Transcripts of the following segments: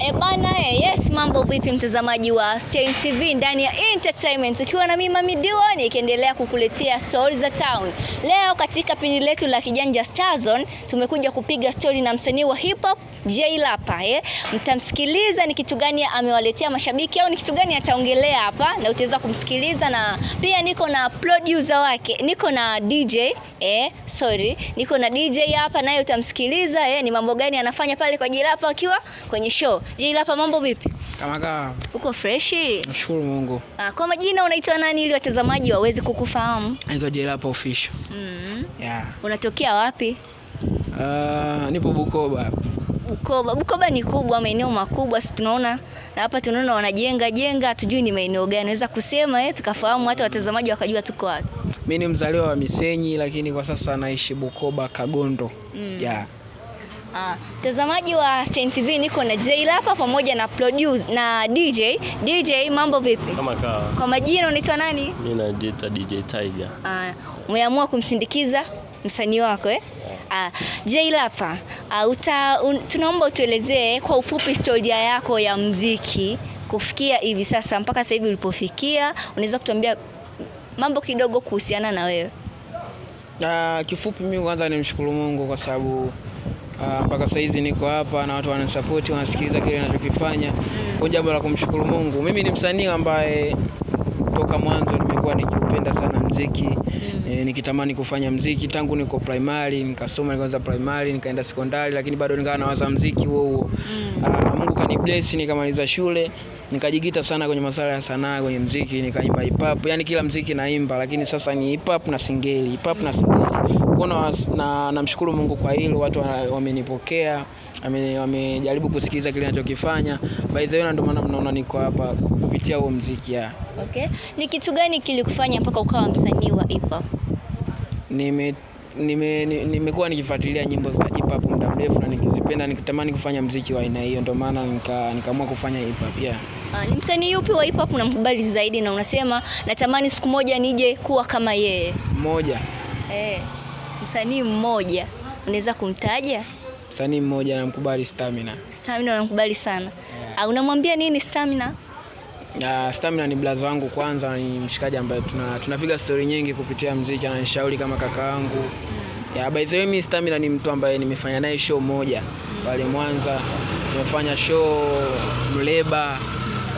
E bana, eh, yes, mambo vipi mtazamaji wa Stein TV ndani ya entertainment, ukiwa na mimi Mami Dion ikiendelea kukuletea story za town. Leo katika pindi letu la Kijanja Star Zone tumekuja kupiga story na msanii wa hip hop Jay Lapa eh. Mtamsikiliza ni kitu gani amewaletea mashabiki au ni kitu gani ataongelea hapa na utaweza kumsikiliza, na pia niko na producer wake, niko na DJ eh, sorry, niko na DJ hapa naye utamsikiliza eh, ni mambo gani anafanya pale kwa Jay Lapa akiwa kwenye show hapa mambo vipi? Kama kawa. Uko fresh? Nashukuru Mungu. Ah, kwa majina unaitwa nani ili watazamaji waweze kukufahamu? Naitwa hapa Official. Mm. Yeah. Unatokea wapi? Uh, nipo Bukoba. Bukoba. Bukoba ni kubwa, maeneo makubwa, si tunaona na hapa tunaona wanajenga jenga, hatujui ni maeneo gani. Naweza kusema eh, tukafahamu hata watazamaji wakajua tuko wapi. Mimi ni mzaliwa wa Misenyi lakini kwa sasa naishi Bukoba Kagondo. Mm. Yeah. Ah, mtazamaji wa Stein TV niko na Jay Lapa pamoja na produce na DJ. DJ mambo vipi? Kama kawa. Kwa majina unaitwa nani? Mimi najiita DJ Tiger. Ah, umeamua kumsindikiza msanii wako eh? Yeah. Ah, Jayla ah, uta Un, tunaomba utuelezee kwa ufupi historia yako ya mziki kufikia hivi sasa mpaka sasa hivi ulipofikia, unaweza kutuambia mambo kidogo kuhusiana na wewe? Ah, kifupi mimi kwanza nimshukuru Mungu kwa sababu Uh, mpaka saizi niko hapa na watu wanasapoti, wanasikiliza kile ninachokifanya. mm. Kwa jambo la kumshukuru Mungu, mimi ni msanii ambaye toka mwanzo nimekuwa nikiupenda sana mziki mm. E, nikitamani kufanya mziki tangu niko primary, nikasoma nikaanza primary, nikaenda sekondari, lakini bado nikawa nawaza mziki huo huo mm. Uh, Mungu kanibless, nikamaliza shule nikajikita sana kwenye masuala ya sanaa, kwenye mziki nikaimba hip hop, yani kila mziki naimba, lakini sasa ni hip hop na singeli, hip hop na singeli kuona na namshukuru Mungu kwa hilo, watu wamenipokea, wamejaribu kusikiliza kile ninachokifanya. By the way, na ndio maana mnaona niko hapa kupitia huo muziki ya. Okay. Ni kitu gani kilikufanya mpaka ukawa msanii wa hip hop? Nime nimekuwa nikifuatilia nyimbo za hip hop muda mrefu na nikizipenda, nikitamani kufanya mziki wa aina hiyo, ndio maana nikaamua nika kufanya hip hop yeah. Ah, ni msanii yupi wa hip hop unamkubali zaidi na unasema natamani siku moja nije kuwa kama yeye? Mmoja eh. Msanii mmoja unaweza kumtaja? Msanii mmoja namkubali Stamina. Stamina unamkubali sana yeah. Ah, unamwambia nini Stamina? Uh, Stamina ni blaza wangu kwanza, ni mshikaji ambaye tuna tunapiga story nyingi kupitia mziki, ananishauri kama kaka wangu yangu yeah. By the way, mimi Stamina ni mtu ambaye nimefanya naye show moja pale Mwanza, nimefanya show Mleba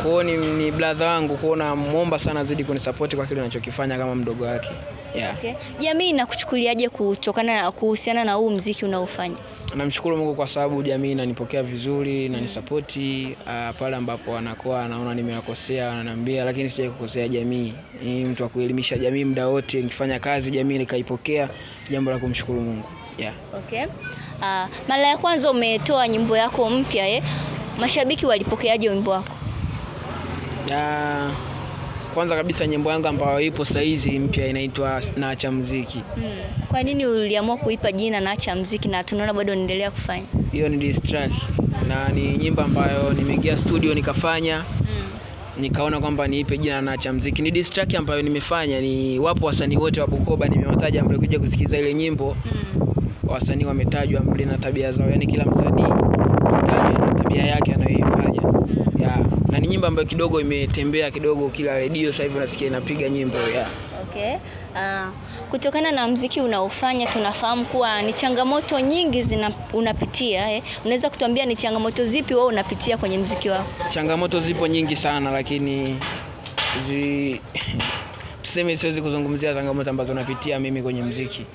kwao, ni, ni blaza wangu kwao, namwomba sana zidi kunisapoti kwa kile anachokifanya kama mdogo wake yeah. Okay. Jamii inakuchukuliaje kutokana na kuhusiana na huu mziki unaofanya? Namshukuru Mungu kwa sababu jamii inanipokea vizuri na nisapoti uh, ah, pale ambapo anakuwa anaona nimewakosea ananiambia lakini sija kukosea jamii. Ni mtu wa kuelimisha jamii muda wote, nikifanya kazi jamii nikaipokea, jambo la kumshukuru Mungu yeah. Okay. Uh, mara ya kwanza umetoa nyimbo yako mpya eh, mashabiki walipokeaje wimbo wako? uh, kwanza kabisa nyimbo yangu ambayo ipo sasa hizi mpya inaitwa Naacha Muziki. Mm. Kwa nini uliamua kuipa jina Naacha Muziki na tunaona bado unaendelea kufanya? Hiyo ni diss track na ni nyimbo ambayo nimeingia studio nikafanya. Mm. Nikaona kwamba niipe jina Naacha Muziki. Ni diss track ambayo nimefanya, ni wapo wasanii wote wa Bukoba nimewataja, mbele kuja kusikiza ile nyimbo. Mm. Wasanii wametajwa mbele na tabia zao, yaani kila msanii atajwa na tabia yake anayoifanya. Hmm. Yeah na ni nyimbo ambayo kidogo imetembea kidogo, kila redio sasa hivi unasikia inapiga nyimbo ya Okay. Uh, kutokana na mziki unaofanya tunafahamu kuwa ni changamoto nyingi zina, unapitia eh. Unaweza kutuambia ni changamoto zipi wewe unapitia kwenye mziki wako? Changamoto zipo nyingi sana lakini zi tuseme siwezi kuzungumzia changamoto ambazo napitia mimi kwenye mziki,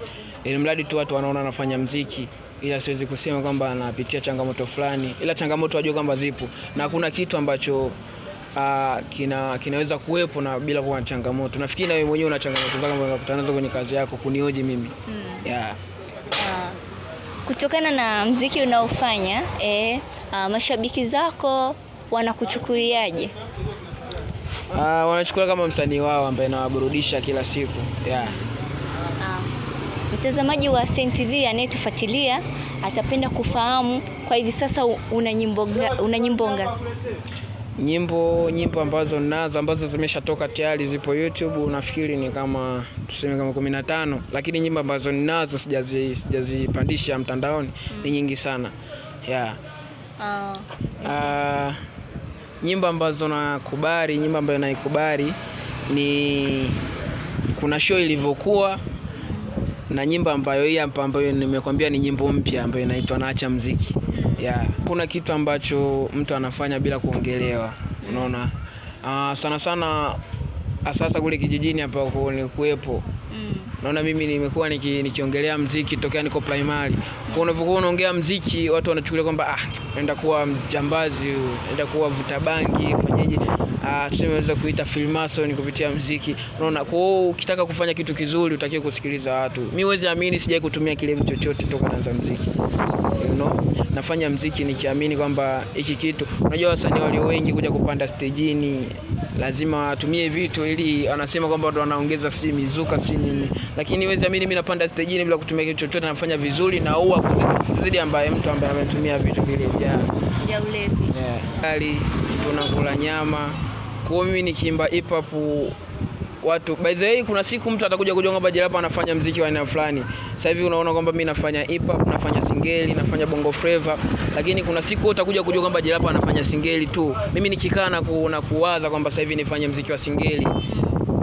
ili mradi tu watu wanaona nafanya mziki ila siwezi kusema kwamba anapitia changamoto fulani, ila changamoto ajue kwamba zipo na kuna kitu ambacho Uh, kina, kinaweza kuwepo na bila kuwa na changamoto. Nafikiri na wewe mwenyewe una changamoto zako ambazo unakutana nazo kwenye kazi yako, kunioje mimi mm. yeah. Uh, kutokana na mziki unaofanya eh, uh, mashabiki zako wanakuchukuliaje? Uh, wanachukulia kama msanii wao ambaye anawaburudisha kila siku yeah. Mtazamaji wa Stein TV anayetufuatilia atapenda kufahamu kwa hivi sasa una nyimbo una nyimbo ngapi? Nyimbo nyimbo ambazo ninazo ambazo zimeshatoka tayari zipo YouTube, nafikiri ni kama tuseme kama 15, lakini nyimbo ambazo ninazo sijazi sijazipandisha mtandaoni mm. ni nyingi sana yeah. Uh, uh, nyimbo ambazo nakubali, nyimbo ambayo naikubali ni kuna show ilivyokuwa na nyimbo ambayo hii hapa ambayo nimekwambia ni nyimbo mpya ambayo inaitwa naacha mziki yeah. Kuna kitu ambacho mtu anafanya bila kuongelewa, unaona uh, sana sana sasa kule kijijini hapa nilikuwepo mm. Naona mimi nimekuwa niki, nikiongelea mziki tokea niko primary. Kwa mm. unavyokuwa unaongea mziki watu wanachukulia kwamba ah, enda kuwa mjambazi, enda kuwa vuta bangi, fanyeje uh, ah, tunaweza kuita filmason kupitia mziki. Unaona, kwa hiyo ukitaka kufanya kitu kizuri utakiwa kusikiliza watu. Mimi huwezi amini, sijai kutumia kilevi chochote toka naanza mziki you know? Nafanya mziki nikiamini kwamba hiki kitu, unajua wasanii walio wengi kuja kupanda stejini lazima watumie vitu ili wanasema kwamba watu wanaongeza sijui mizuka sijui nini, lakini wezi amini, mimi napanda stejini bila kutumia kitu chochote, nafanya vizuri na huwa kuzidi ambaye mtu ambaye ametumia vitu vile vya ulevi. Yeah. Tunakula nyama kwa mimi nikiimba hip hop watu, by the way, kuna siku mtu atakuja kujua kwamba Jerapa anafanya mziki wa aina fulani. Sasa hivi unaona kwamba mimi nafanya hip hop, nafanya singeli, nafanya bongo flava, lakini kuna siku utakuja kujua kwamba Jerapa anafanya singeli tu. Mimi nikikaa na ku, na kuwaza kwamba sasa hivi nifanye mziki wa singeli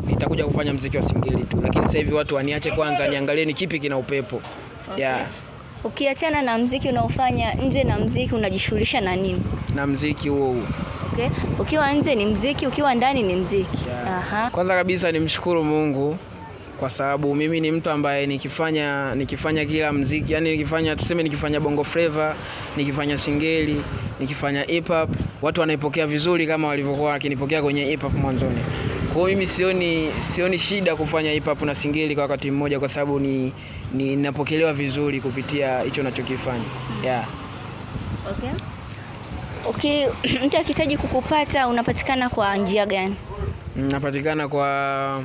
nitakuja kufanya mziki wa singeli tu, lakini sasa hivi watu waniache kwanza, niangalie ni kipi kina upepo. Okay. Yeah. Ukiachana na mziki unaofanya nje na mziki unajishughulisha na nini? Na mziki huo huo. Okay. Ukiwa nje ni mziki, ukiwa ndani ni mziki. Yeah. Aha. Kwanza kabisa nimshukuru Mungu kwa sababu mimi ni mtu ambaye nikifanya nikifanya kila mziki, yani nikifanya tuseme, nikifanya bongo flava, nikifanya singeli, nikifanya hip hop, watu wanaipokea vizuri kama walivyokuwa wakinipokea kwenye hip hop mwanzoni. Kwa mimi sioni, sioni shida kufanya hip hop na singeli kwa wakati mmoja kwa sababu ni ninapokelewa vizuri kupitia hicho nachokifanya. Hmm. Yeah. Okay. Okay, mtu akihitaji kukupata unapatikana kwa njia gani? Hmm, napatikana kwa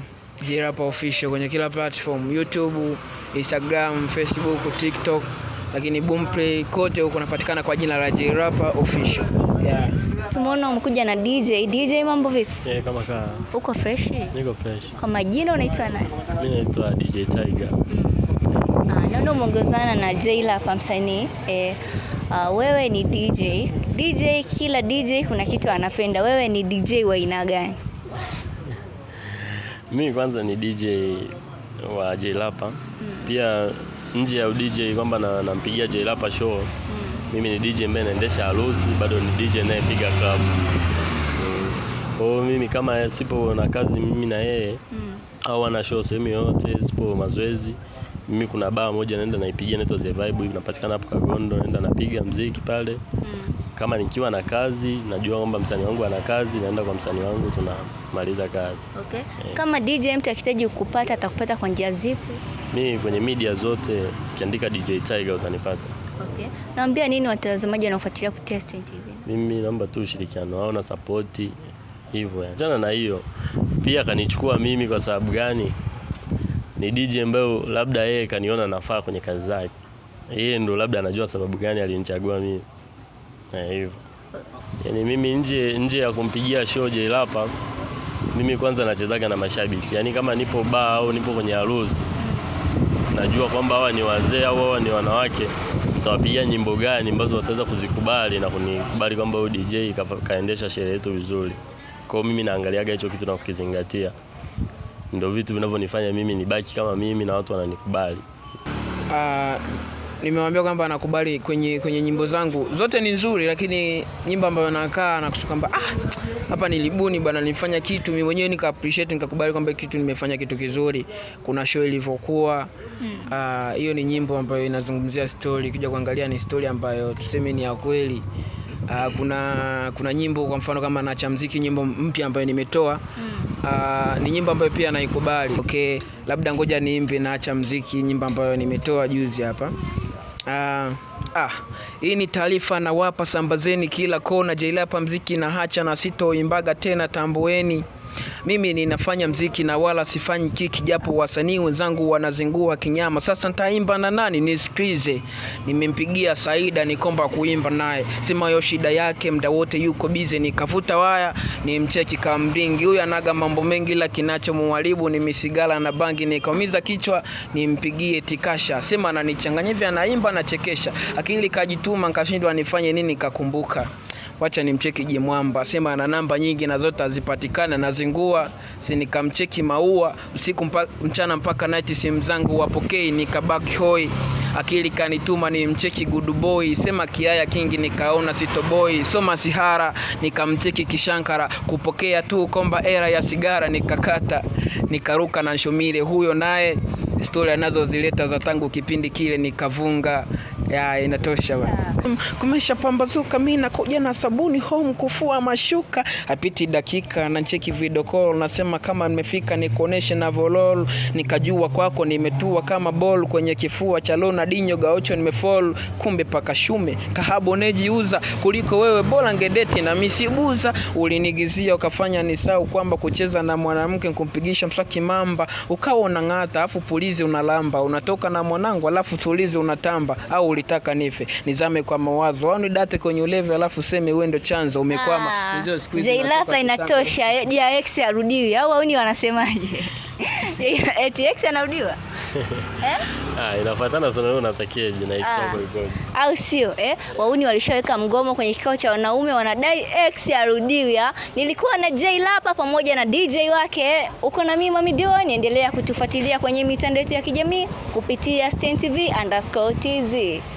Jerapa Official kwenye kila platform, YouTube, Instagram, Facebook, TikTok lakini Boomplay kote huko unapatikana kwa jina la Jayrapa official. Yeah. Tumeona umekuja na DJ. DJ mambo vipi? Eh, yeah, kama kaa. Uko fresh? Niko fresh. Kwa majina unaitwa nani? Mimi naitwa DJ Tiger. Mm. Ah, naona umeongozana na Jayrapa msanii. Eh, uh, wewe ni DJ. DJ, kila DJ kuna kitu anapenda. Wewe ni DJ wa aina gani? Mimi kwanza ni DJ wa Jayrapa. Hmm. Pia nje ya DJ kwamba nampigia na Jailapa show mm. Mimi ni DJ mbaye naendesha harusi, bado ni DJ nayepiga club mm. Kwa mimi kama sipo na kazi mimi na yeye mm. au ana show sehemu yoyote, sipo mazoezi mimi kuna baa moja naenda naipigia inaitwa The Vibe, hivi napatikana hapo Kagondo, naenda napiga mziki pale mm. Kama nikiwa na kazi najua kwamba msanii wangu ana kazi, naenda kwa msanii wangu tunamaliza kazi okay. Yeah. Kama DJ mtu akihitaji kukupata atakupata kwa njia zipi? Mimi kwenye media zote ukiandika DJ Tiger utanipata. Okay. Naambia nini watazamaji wanaofuatilia kupitia Stein TV? Mimi naomba tu ushirikiano wao na support hivyo. Achana na hiyo pia kanichukua mimi kwa sababu gani? ni DJ ambayo labda yeye kaniona nafaa kwenye kazi zake, yeye ndo labda anajua sababu gani alinichagua mimi eh, hivyo. Yani mimi nje nje ya kumpigia show Jairapa, mimi kwanza nachezaga na mashabiki, yaani kama nipo baa au nipo kwenye harusi, najua kwamba hawa ni wazee au hawa ni wanawake, nitawapigia nyimbo gani ambazo wataweza kuzikubali na kunikubali kwamba huyu DJ ka, kaendesha sherehe yetu vizuri. Kwa hiyo mimi naangaliaga hicho kitu na kukizingatia ndio vitu vinavyonifanya mimi nibaki kama mimi na watu wananikubali. Uh, nimewambia kwamba nakubali kwenye, kwenye nyimbo zangu zote ni nzuri, lakini nyimbo ambayo nakaa na kusuka kwamba ah, hapa nilibuni bwana, nilifanya kitu mimi mwenyewe nika appreciate nikakubali kwamba kitu nimefanya kitu kizuri, kuna show ilivyokuwa hmm. ah, hiyo. Mm. Uh, ni nyimbo ambayo inazungumzia story, kija kuangalia ni story ambayo tuseme ni ya kweli. Uh, kuna, kuna nyimbo kwa mfano kama nacha mziki nyimbo mpya ambayo nimetoa mm. Ah, ni nyimbo ambayo pia naikubali. Okay, labda ngoja niimbe acha mziki, nyimbo ambayo nimetoa juzi hapa uh, Ah, hii ni taarifa nawapa, sambazeni kila kona, Jailapa mziki na hacha na sitoimbaga tena, tambueni mimi ninafanya mziki na wala sifanyi kiki, japo wasanii wenzangu wanazingua kinyama. Sasa nitaimba na nani nisikize? Nimempigia Saida nikomba kuimba naye, hiyo shida yake, mda wote yuko bize. Nikavuta waya nimcheki kamringi, huyu anaga mambo mengi, ila kinachomuharibu ni misigala na bangi. Nikaumiza kichwa nimpigie tikasha, sema ananichanganya hivi, anaimba anachekesha, akili kajituma, nkashindwa nifanye nini, kakumbuka wacha nimcheki Jimwamba, sema ana namba nyingi na zote hazipatikana, nazingua nikamcheki maua usiku mpa, mchana mpaka night, simu zangu wapokei, nikabaki hoi akili kanituma ni mcheki good boy, sema kiaya kingi nikaona sitoboy, soma sihara nikamcheki kishankara, kupokea tu komba era ya sigara nikakata, nikaruka na Nshomile huyo naye, stori anazozileta za tangu kipindi kile nikavunga ya, inatosha bwana. pambazuka, mimi nakuja na sabuni home kufua mashuka, hapiti dakika na cheki video call, nasema kama nimefika nikuoneshe na volol, nikajua kwako nimetua kama ball kwenye kifua cha Ronaldinho Gaucho, nimefall kumbe paka shume kahabo nejiuza kuliko wewe, bora ngedeti na misibuza. Ulinigizia ukafanya nisau kwamba kucheza na mwanamke kumpigisha mswaki mamba, ukawa unang'ata afu pulizi unalamba, unatoka na mwanangu alafu tulizi unatamba au ulitaka nife, nizame kwa mawazo au nidate kwenye ulevi, alafu seme wewe ndo chanzo umekwama. Ah. Jailafa inatosha, Jax arudiwi au auni wanasemaje? Eti X anarudiwa Eh? eh? Ah, inafuatana sana wewe unatakia je na ichoko ah. ikoje? Au sio? Eh? Wauni walishaweka mgomo kwenye kikao cha wanaume wanadai X arudiwe. Ah. Nilikuwa na J Lapa pamoja na DJ wake. Eh? Uko na mimi Mami Dio, niendelea kutufuatilia kwenye mitandao yetu ya kijamii kupitia StanTV_tz.